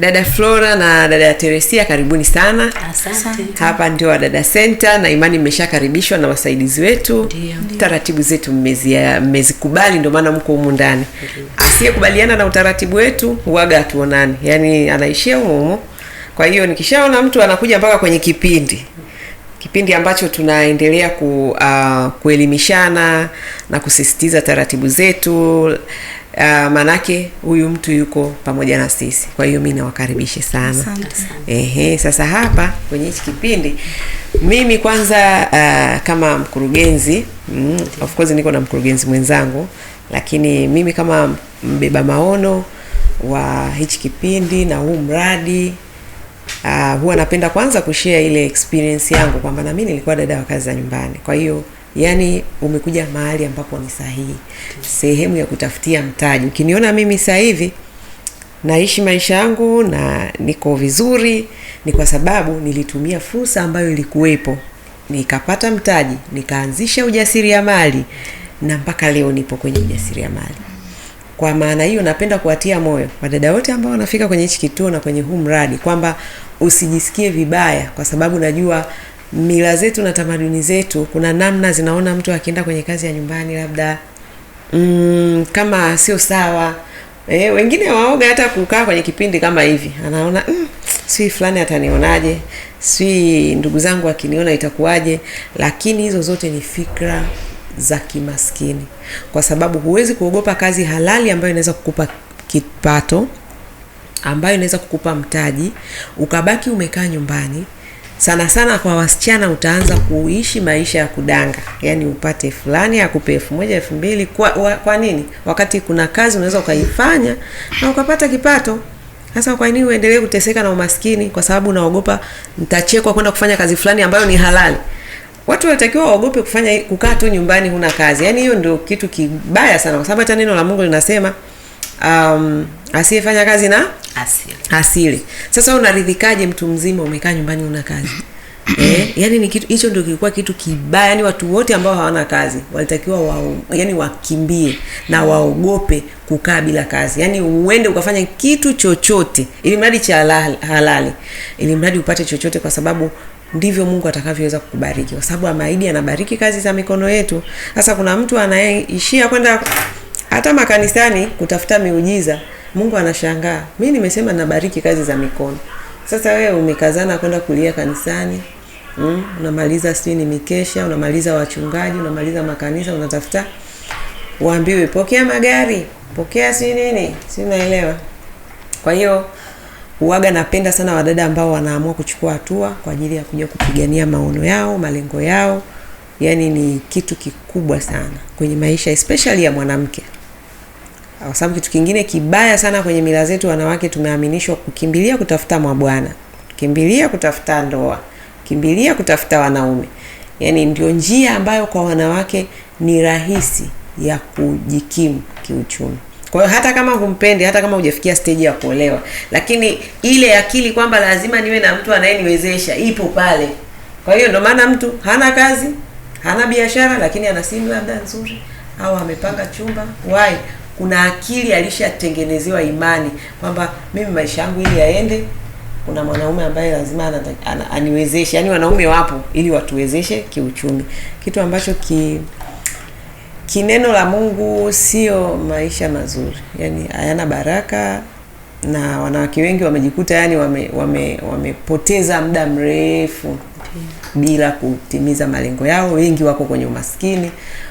Dada Flora na dada ya Teresia karibuni sana. Asante. Hapa ndio Wadada Center na imani mmeshakaribishwa na wasaidizi wetu. Taratibu zetu mmezikubali, ndio maana mko humu ndani. Asiyekubaliana na utaratibu wetu huaga hatuonani, yaani anaishia humo humo. Kwa hiyo nikishaona mtu anakuja mpaka kwenye kipindi kipindi ambacho tunaendelea ku, uh, kuelimishana na kusisitiza taratibu zetu uh, eh, maanake huyu mtu yuko pamoja na sisi. Kwa hiyo mi nawakaribishe sana. Ehe, sasa hapa kwenye hichi kipindi mimi kwanza, uh, kama mkurugenzi mm, of course niko na mkurugenzi mwenzangu, lakini mimi kama mbeba maono wa hichi kipindi na huu mradi uh, huwa napenda kwanza kushare ile experience yangu kwamba na mimi nilikuwa dada wa kazi za nyumbani, kwa hiyo yani umekuja mahali ambapo ni sahihi, sehemu ya kutafutia mtaji. Ukiniona mimi sasa hivi naishi maisha yangu na niko vizuri, ni kwa sababu nilitumia fursa ambayo ilikuwepo, nikapata mtaji, nikaanzisha ujasiriamali na mpaka leo nipo kwenye ujasiriamali. Kwa maana hiyo, napenda kuwatia moyo wadada wote ambao wanafika kwenye hichi kituo na kwenye huu mradi kwamba usijisikie vibaya, kwa sababu najua mila zetu na tamaduni zetu, kuna namna zinaona mtu akienda kwenye kazi ya nyumbani labda mm, kama sio sawa e, Wengine waoga hata kukaa kwenye kipindi kama hivi, anaona mm, si fulani atanionaje, si ndugu zangu akiniona itakuwaje? Lakini hizo zote ni fikra za kimaskini, kwa sababu huwezi kuogopa kazi halali ambayo inaweza kukupa kipato, ambayo inaweza kukupa mtaji, ukabaki umekaa nyumbani sana sana kwa wasichana utaanza kuishi maisha ya kudanga, yaani upate fulani akupe elfu moja elfu mbili kwa, wa, kwa nini? Wakati kuna kazi unaweza ukaifanya na ukapata kipato. Sasa kwa nini uendelee kuteseka na umaskini kwa sababu unaogopa ntachekwa kwenda kufanya kazi fulani ambayo ni halali? Watu walitakiwa waogope kufanya kukaa tu nyumbani huna kazi. Yaani hiyo ndio kitu kibaya sana, kwa sababu hata neno la Mungu linasema um, asiyefanya kazi na asili. Asili. Sasa unaridhikaje mtu mzima umekaa nyumbani una kazi? Eh, yani ni kitu hicho ndio kilikuwa kitu kibaya. Yani watu wote ambao hawana kazi walitakiwa wa, yani wakimbie na waogope kukaa bila kazi. Yani uende ukafanya kitu chochote, ili mradi cha halali, ili mradi upate chochote, kwa sababu ndivyo Mungu atakavyoweza kukubariki, kwa sababu amaidi anabariki kazi za mikono yetu. Sasa kuna mtu anayeishia kwenda hata makanisani kutafuta miujiza. Mungu anashangaa, mi nimesema nabariki kazi za mikono, sasa wewe umekazana kwenda kulia kanisani mm, unamaliza sijui ni mikesha, unamaliza wachungaji, unamaliza makanisa, unatafuta waambiwe pokea magari, pokea si nini, si naelewa Kwa hiyo uwaga, napenda sana wadada ambao wanaamua kuchukua hatua kwa ajili ya kuja kupigania maono yao, malengo yao, yaani ni kitu kikubwa sana kwenye maisha especially ya mwanamke kwa sababu kitu kingine kibaya sana kwenye mila zetu, wanawake tumeaminishwa kukimbilia kutafuta mabwana, kimbilia kutafuta ndoa, kimbilia kutafuta wanaume. Yani ndio njia ambayo kwa wanawake ni rahisi ya kujikimu kiuchumi. Kwa hiyo hata kama humpendi, hata kama hujafikia stage ya kuolewa, lakini ile akili kwamba lazima niwe na mtu anayeniwezesha ipo pale. Kwa hiyo ndio maana mtu hana kazi, hana biashara, lakini ana simu labda nzuri au amepanga chumba wai kuna akili alishatengenezewa imani kwamba mimi maisha yangu ili yaende, kuna mwanaume ambaye lazima aniwezeshe. Yani wanaume wapo ili watuwezeshe kiuchumi, kitu ambacho ki kineno la Mungu sio maisha mazuri, yani hayana baraka na wanawake wengi wamejikuta yani wame, wame, wamepoteza muda mrefu mm. bila kutimiza malengo yao. Wengi wako kwenye umaskini,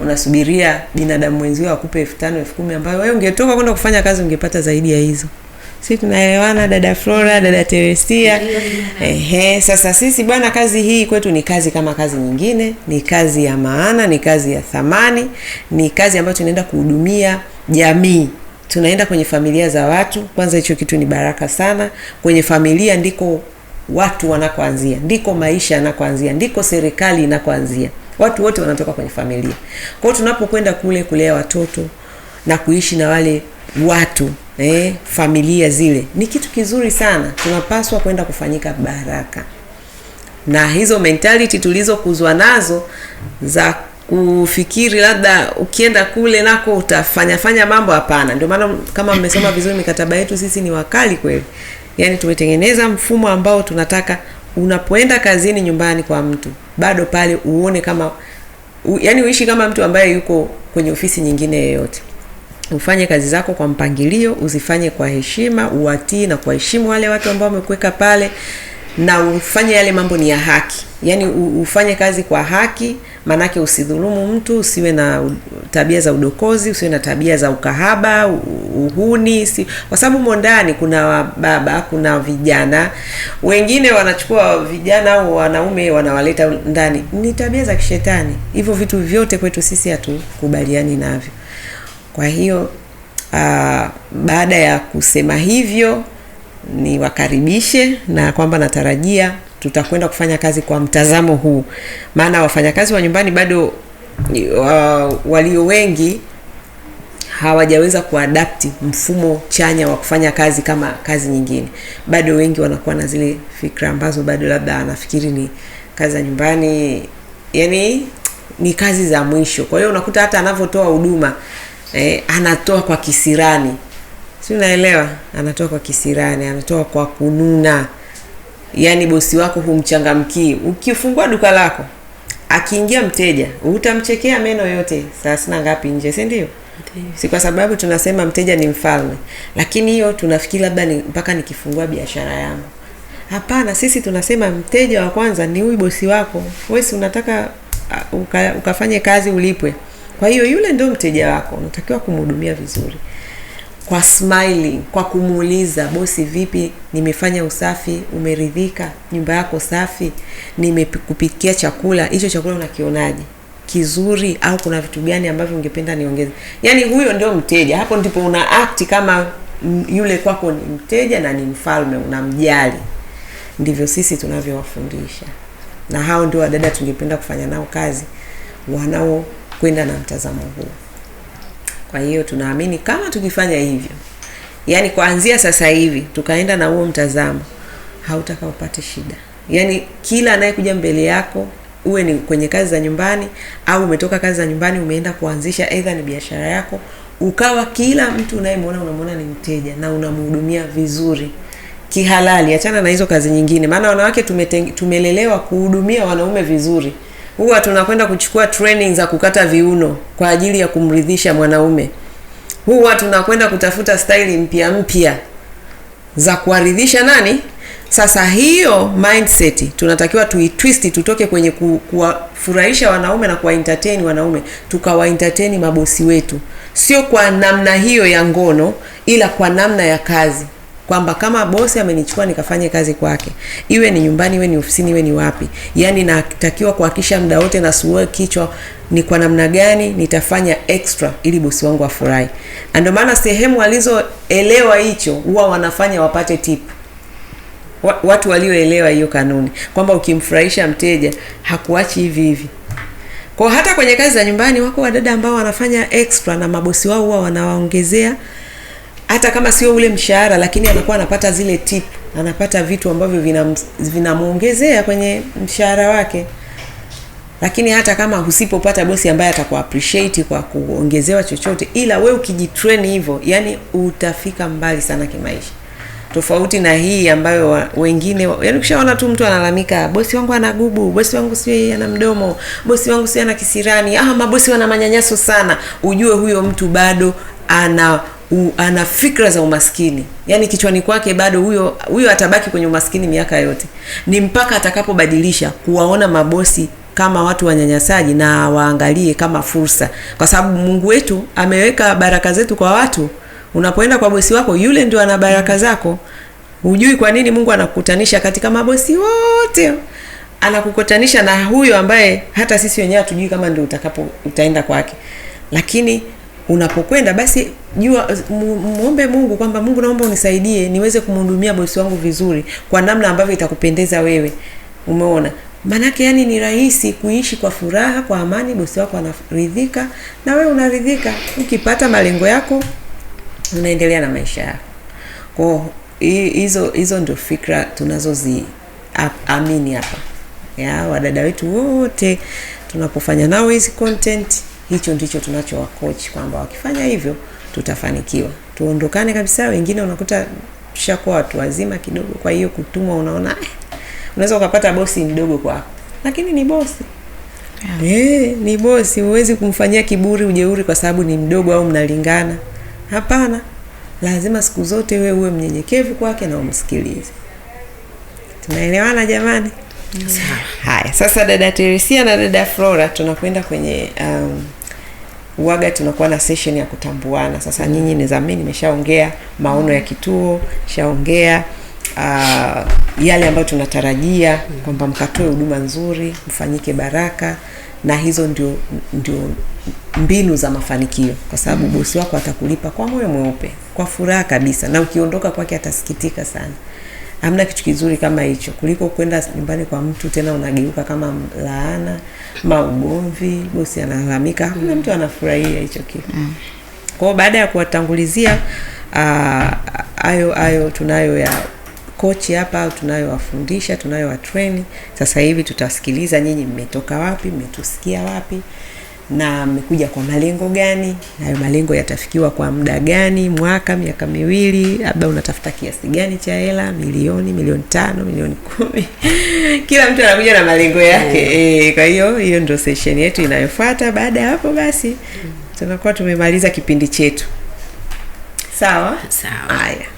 unasubiria binadamu wenzio akupe elfu tano elfu kumi ambayo wewe ungetoka kwenda kufanya kazi ungepata zaidi ya hizo. Sisi tunaelewana dada Flora, dada Teresia. Ehe, sasa sisi bwana, kazi hii kwetu ni kazi kama kazi nyingine, ni kazi ya maana, ni kazi ya thamani, ni kazi ambayo tunaenda kuhudumia jamii tunaenda kwenye familia za watu. Kwanza hicho kitu ni baraka sana. Kwenye familia ndiko watu wanakoanzia, ndiko maisha yanakoanzia, ndiko serikali inakoanzia. Watu wote wanatoka kwenye familia. kwao tunapokwenda kule kulea watoto na kuishi na wale watu eh, familia zile ni kitu kizuri sana, tunapaswa kwenda kufanyika baraka na hizo mentality tulizokuzwa nazo za kufikiri labda ukienda kule nako utafanya fanya mambo. Hapana, ndio maana kama mmesoma vizuri mikataba yetu, sisi ni wakali kweli. Yaani tumetengeneza mfumo ambao tunataka unapoenda kazini, nyumbani kwa mtu bado pale uone kama u, yani uishi kama mtu ambaye yuko kwenye ofisi nyingine yoyote. Ufanye kazi zako kwa mpangilio, uzifanye kwa heshima, uwatii na kuwaheshimu wale watu ambao wamekuweka pale, na ufanye yale mambo ni ya haki, yani ufanye kazi kwa haki Maanake usidhulumu mtu, usiwe na tabia za udokozi, usiwe na tabia za ukahaba, uhuni si, kwa sababu mo ndani kuna baba, kuna vijana wengine wanachukua vijana au wanaume wanawaleta ndani, ni tabia za kishetani. Hivyo vitu vyote kwetu sisi hatukubaliani navyo. Kwa hiyo aa, baada ya kusema hivyo niwakaribishe na kwamba natarajia tutakwenda kufanya kazi kwa mtazamo huu, maana wafanyakazi wa nyumbani bado uh, walio wengi hawajaweza kuadapti mfumo chanya wa kufanya kazi kama kazi nyingine. Bado wengi wanakuwa na zile fikra ambazo bado labda anafikiri ni kazi za nyumbani, yani ni kazi za mwisho. Kwa hiyo unakuta hata anavyotoa huduma eh, anatoa kwa kisirani, si unaelewa? Anatoa kwa kisirani, anatoa kwa kununa yani bosi wako humchangamkii. Ukifungua duka lako akiingia mteja utamchekea meno yote thelathini ngapi nje, si ndio? Si kwa sababu tunasema mteja ni mfalme, lakini hiyo tunafikiri labda ni mpaka nikifungua biashara yangu. Hapana, sisi tunasema mteja wa kwanza ni huyu bosi wako. Wewe si unataka uh, uka, ukafanye kazi ulipwe. Kwa hiyo yule ndio mteja wako, unatakiwa kumhudumia vizuri kwa smiling, kwa kumuuliza bosi, vipi, nimefanya usafi, umeridhika? Nyumba yako safi? Nimekupikia chakula, hicho chakula unakionaje? Kizuri au kuna vitu gani ambavyo ungependa niongeze? Yani huyo ndio mteja. Hapo ndipo una act kama yule kwako ni mteja na ni mfalme, unamjali. Ndivyo sisi tunavyowafundisha, na hao ndio wadada tungependa kufanya nao kazi, wanaokwenda na mtazamo huo. Kwa hiyo tunaamini kama tukifanya hivyo, yani kuanzia sasa hivi tukaenda na huo mtazamo, hautaka upate shida. Yani kila anayekuja mbele yako uwe ni kwenye kazi za nyumbani au umetoka kazi za nyumbani umeenda kuanzisha aidha ni biashara yako, ukawa kila mtu unayemwona unamwona ni mteja na unamhudumia vizuri kihalali. Achana na hizo kazi nyingine, maana wanawake tumelelewa kuhudumia wanaume vizuri huwa tunakwenda kuchukua training za kukata viuno kwa ajili ya kumridhisha mwanaume. Huwa tunakwenda kutafuta staili mpya mpya za kuwaridhisha nani? Sasa hiyo mindset tunatakiwa tuitwist, tutoke kwenye kuwafurahisha wanaume na kuwaentertain wanaume, tukawaentertain mabosi wetu, sio kwa namna hiyo ya ngono, ila kwa namna ya kazi kwamba kama bosi amenichukua nikafanye kazi kwake, iwe ni nyumbani, iwe ni ofisini, iwe ni wapi, yani natakiwa kuhakisha muda wote nasua kichwa ni kwa namna gani nitafanya extra ili bosi wangu afurahi. na Ndio maana sehemu walizoelewa hicho huwa wanafanya wapate tip watu walioelewa hiyo kanuni kwamba ukimfurahisha mteja hakuachi hivi hivi. Kwa hata kwenye kazi za nyumbani wako wadada ambao wanafanya extra na mabosi wao huwa wanawaongezea hata kama sio ule mshahara, lakini anakuwa anapata zile tip, anapata vitu ambavyo vinamwongezea vina kwenye mshahara wake. Lakini hata kama usipopata bosi ambaye ataku appreciate kwa kuongezewa chochote, ila we ukijitrain hivyo, yani utafika mbali sana kimaisha, tofauti na hii ambayo wengine yani, ukishaona tu mtu analamika bosi wangu ana gubu, bosi wangu sio yeye ana mdomo, bosi wangu sio ana kisirani, ah, mabosi wana manyanyaso sana, ujue huyo mtu bado ana u, ana fikra za umaskini, yaani kichwani kwake bado huyo huyo atabaki kwenye umaskini miaka yote, ni mpaka atakapobadilisha kuwaona mabosi kama watu wanyanyasaji na waangalie kama fursa, kwa sababu Mungu wetu ameweka baraka zetu kwa watu. Unapoenda kwa bosi wako, yule ndio ana baraka zako. Hujui kwa nini Mungu anakukutanisha katika mabosi wote, anakukutanisha na huyo ambaye hata sisi wenyewe hatujui kama ndio utakapo utaenda kwake, lakini unapokwenda basi jua muombe Mungu kwamba Mungu, naomba unisaidie niweze kumhudumia bosi wangu vizuri kwa namna ambavyo itakupendeza wewe. Umeona? Maanake yani ni rahisi kuishi kwa furaha, kwa amani, bosi wako anaridhika na wewe unaridhika, ukipata malengo yako unaendelea na maisha yako. Kwa hizo hizo ndio fikra amini hapa ya wadada wetu wote tunapofanya nao hizi content hicho ndicho tunachowakochi kwamba wakifanya hivyo tutafanikiwa, tuondokane kabisa. Wengine unakuta tushakuwa watu wazima kidogo, kwa hiyo kutumwa, unaona eh, unaweza ukapata bosi mdogo kwako, lakini ni bosi yeah. E, ni bosi, huwezi kumfanyia kiburi, ujeuri kwa sababu ni mdogo au mnalingana. Hapana, lazima siku zote wewe uwe mnyenyekevu kwake na umsikilize. Tunaelewana jamani? Mm. Sawa. Haya, sasa dada Teresia na dada Flora tunakwenda kwenye um, uaga tunakuwa na session ya kutambuana. Sasa nyinyi nizamini, nimeshaongea maono ya kituo, nishaongea Uh, ah, yale ambayo tunatarajia kwamba mkatoe huduma nzuri, mfanyike baraka, na hizo ndio ndio mbinu za mafanikio, kwa sababu bosi wako atakulipa kwa moyo mweupe, kwa furaha kabisa, na ukiondoka kwake atasikitika sana. Hamna kitu kizuri kama hicho kuliko kwenda nyumbani kwa mtu, tena unageuka kama laana, maugomvi, bosi analalamika, hamna mtu anafurahia hicho kitu. Mm. Kwa baada ya kuwatangulizia ah, hayo hayo tunayo ya kochi hapa au tunayowafundisha tunayowatreni, sasa hivi tutasikiliza nyinyi mmetoka wapi, mmetusikia wapi na mmekuja kwa malengo gani, na hayo malengo yatafikiwa kwa muda gani, mwaka, miaka miwili, labda unatafuta kiasi gani cha hela, milioni, milioni tano, milioni kumi kila mtu anakuja na malengo yake E, kwa hiyo hiyo ndio sesheni yetu inayofuata. Baada ya hapo basi mm. tunakuwa tumemaliza kipindi chetu. Sawa sawa, haya.